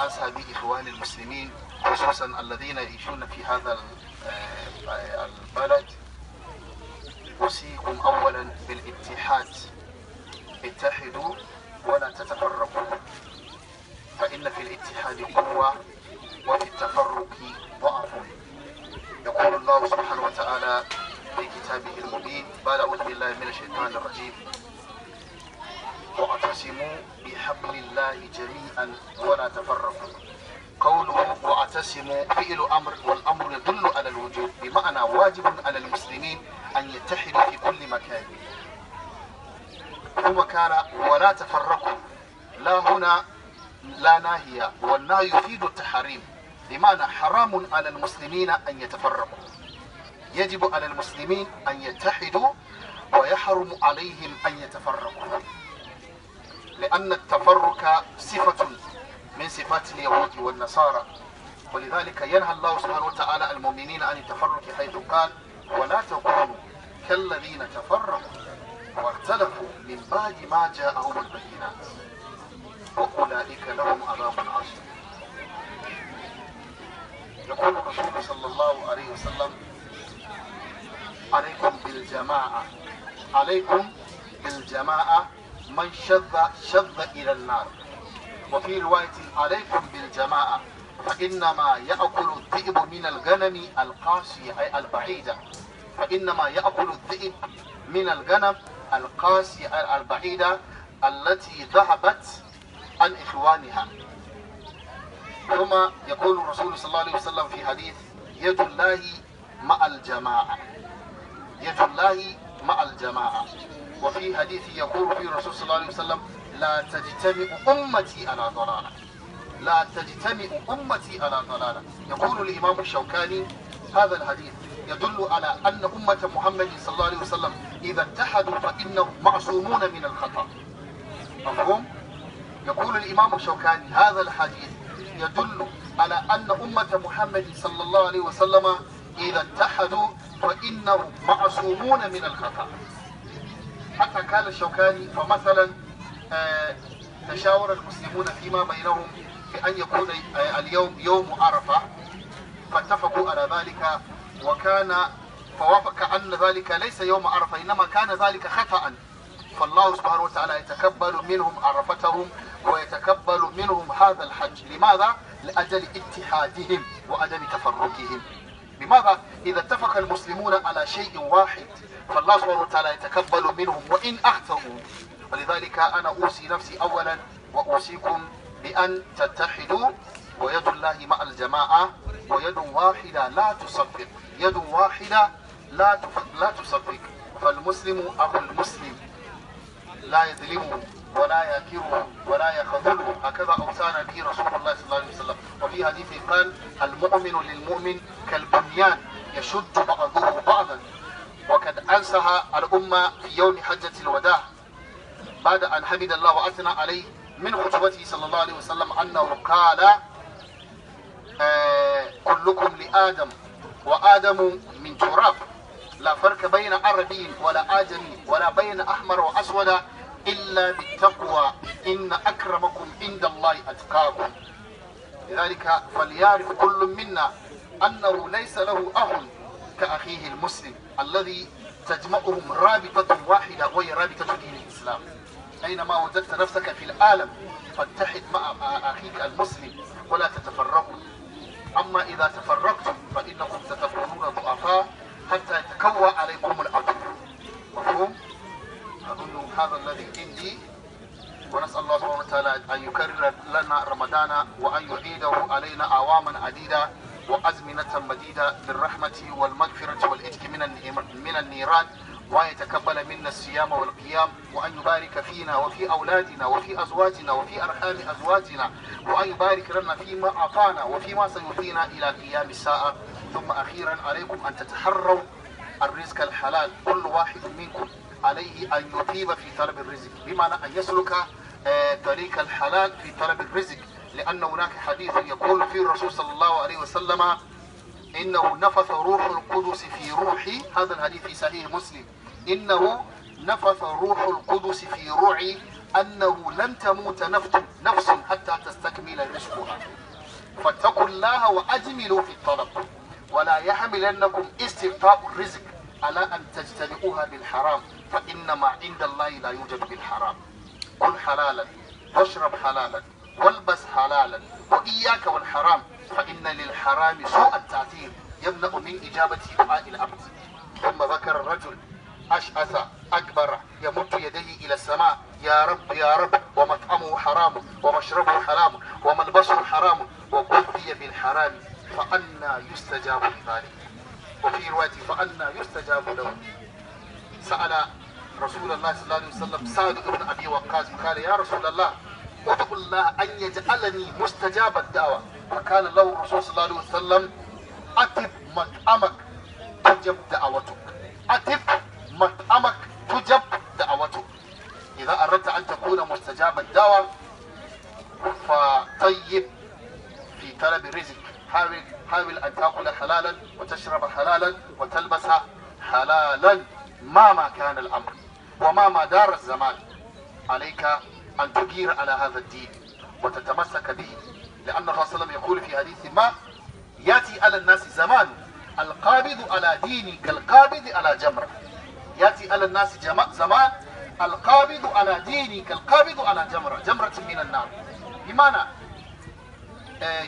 أن به المسلمين خصوصا الذين يعيشون في هذا آه، البلد أوصيكم أولا بالاتحاد اتحدوا ولا تتفرقوا فإن في الاتحاد قوة وفي التفرق ضعف يقول الله سبحانه وتعالى في كتابه المبين بعد أعوذ بالله من الشيطان الرجيم واعتصموا بحبل الله جميعا ولا تفرقوا قوله واعتصموا فعل امر والامر يدل على الوجوب بمعنى واجب على المسلمين ان يتحدوا في كل مكان ثم كان ولا تفرقوا لا هنا لا ناهية ولا يفيد التحريم بمعنى حرام على المسلمين أن يتفرقوا يجب على المسلمين أن يتحدوا ويحرم عليهم أن يتفرقوا لأن التفرق صفة من صفات اليهود والنصارى ولذلك ينهى الله سبحانه وتعالى المؤمنين عن التفرق حيث قال ولا تكونوا كالذين تفرقوا واختلفوا من بعد ما جاءهم البينات وأولئك لهم عذاب عظيم يقول الرسول صلى الله عليه وسلم عليكم بالجماعة عليكم بالجماعة من شذ شذ إلى النار وفي رواية عليكم بالجماعة فإنما يأكل الذئب من الغنم القاسي أي البعيدة فإنما يأكل الذئب من الغنم القاسية البعيدة التي ذهبت عن إخوانها ثم يقول الرسول صلى الله عليه وسلم في حديث يد الله مع الجماعة يد الله مع الجماعة وفي حديث يقول في رسول صلى الله عليه وسلم لا تجتمع أمتي على ضلالة لا تجتمع أمتي على ضلالة يقول الإمام الشوكاني هذا الحديث يدل على أن أمة محمد صلى الله عليه وسلم إذا اتحدوا فإنهم معصومون من الخطأ مفهوم؟ يقول الإمام الشوكاني هذا الحديث يدل على أن أمة محمد صلى الله عليه وسلم إذا اتحدوا فإنهم معصومون من الخطأ حتى قال الشوكاني فمثلا آه، تشاور المسلمون فيما بينهم بأن يكون آه، اليوم يوم عرفة فاتفقوا على ذلك وكان فوافق أن ذلك ليس يوم عرفة إنما كان ذلك خطأ فالله سبحانه وتعالى يتكبل منهم عرفتهم ويتكبل منهم هذا الحج لماذا؟ لأجل اتحادهم وعدم تفرقهم لماذا؟ إذا اتفق المسلمون على شيء واحد فالله سبحانه وتعالى يتقبل منهم وإن أخطأوا ولذلك أنا أوصي نفسي أولا وأوصيكم بأن تتحدوا ويد الله مع الجماعة ويد واحدة لا تصفق يد واحدة لا لا تصفق فالمسلم أخو المسلم لا يظلمه ولا يكره ولا يخذله هكذا أوصانا به رسول الله صلى الله عليه وسلم في حديث قال المؤمن للمؤمن كالبنيان يشد بعضه بعضا وقد أنسها الأمة في يوم حجة الوداع بعد أن حمد الله وأثنى عليه من خطبته صلى الله عليه وسلم أنه قال آه، كلكم لآدم وآدم من تراب لا فرق بين عربي ولا آدمي ولا بين أحمر وأسود إلا بالتقوى إن أكرمكم عند الله أتقاكم لذلك فليعرف كل منا أنه ليس له أخ كأخيه المسلم الذي تجمعهم رابطة واحدة وهي رابطة دين الإسلام أينما وجدت نفسك في العالم فاتحد مع أخيك المسلم ولا تتفرقوا أما إذا تفرقتم فإنكم تتفرقوا عديدة وأزمنة مديدة بالرحمة والمغفرة والإتك من النيران وأن يتقبل منا الصيام والقيام وأن يبارك فينا وفي أولادنا وفي أزواجنا وفي أرحام أزواجنا وأن يبارك لنا فيما أعطانا وفيما سيعطينا إلى قيام الساعة ثم أخيرا عليكم أن تتحروا الرزق الحلال كل واحد منكم عليه أن يطيب في طلب الرزق بمعنى أن يسلك آه، طريق الحلال في طلب الرزق لأن هناك حديث يقول في الرسول صلى الله عليه وسلم إنه نفث روح القدس في روحي هذا الحديث في صحيح مسلم إنه نفث روح القدس في روحي أنه لن تموت نفس حتى تستكمل رزقها فاتقوا الله وأجملوا في الطلب ولا يحملنكم استبطاء الرزق على أن تجترئوها بالحرام فإنما عند الله لا يوجد بالحرام كن حلالا واشرب حلالا والبس حلالا وإياك والحرام فإن للحرام سوء التأثير يمنع من إجابة دعاء الأرض ثم ذكر الرجل أشأث أكبر يمد يديه إلى السماء يا رب يا رب ومطعمه حرام ومشربه حرام وملبسه حرام وغذي بالحرام فأنا يستجاب لذلك وفي رواية فأنا يستجاب له سأل رسول الله صلى الله عليه وسلم سعد بن أبي وقاص قال يا رسول الله واتقوا الله أن يجعلني مستجاب الدعوة وكان له الرسول صلى الله عليه وسلم أتب مطعمك تجب دعوتك أتب مطعمك تجب دعوتك إذا أردت أن تكون مستجاب الدعوة فطيب في طلب الرزق حاول حاول أن تأكل حلالا وتشرب حلالا وتلبس حلالا مهما كان الأمر ومهما دار الزمان عليك أن تجير على هذا الدين وتتمسك به لأن الرسول صلى الله عليه وسلم يقول في حديث ما يأتي على الناس زمان القابض على ديني كالقابض على جمرة يأتي على الناس زمان القابض على ديني كالقابض على جمرة جمرة من النار بمعنى آه،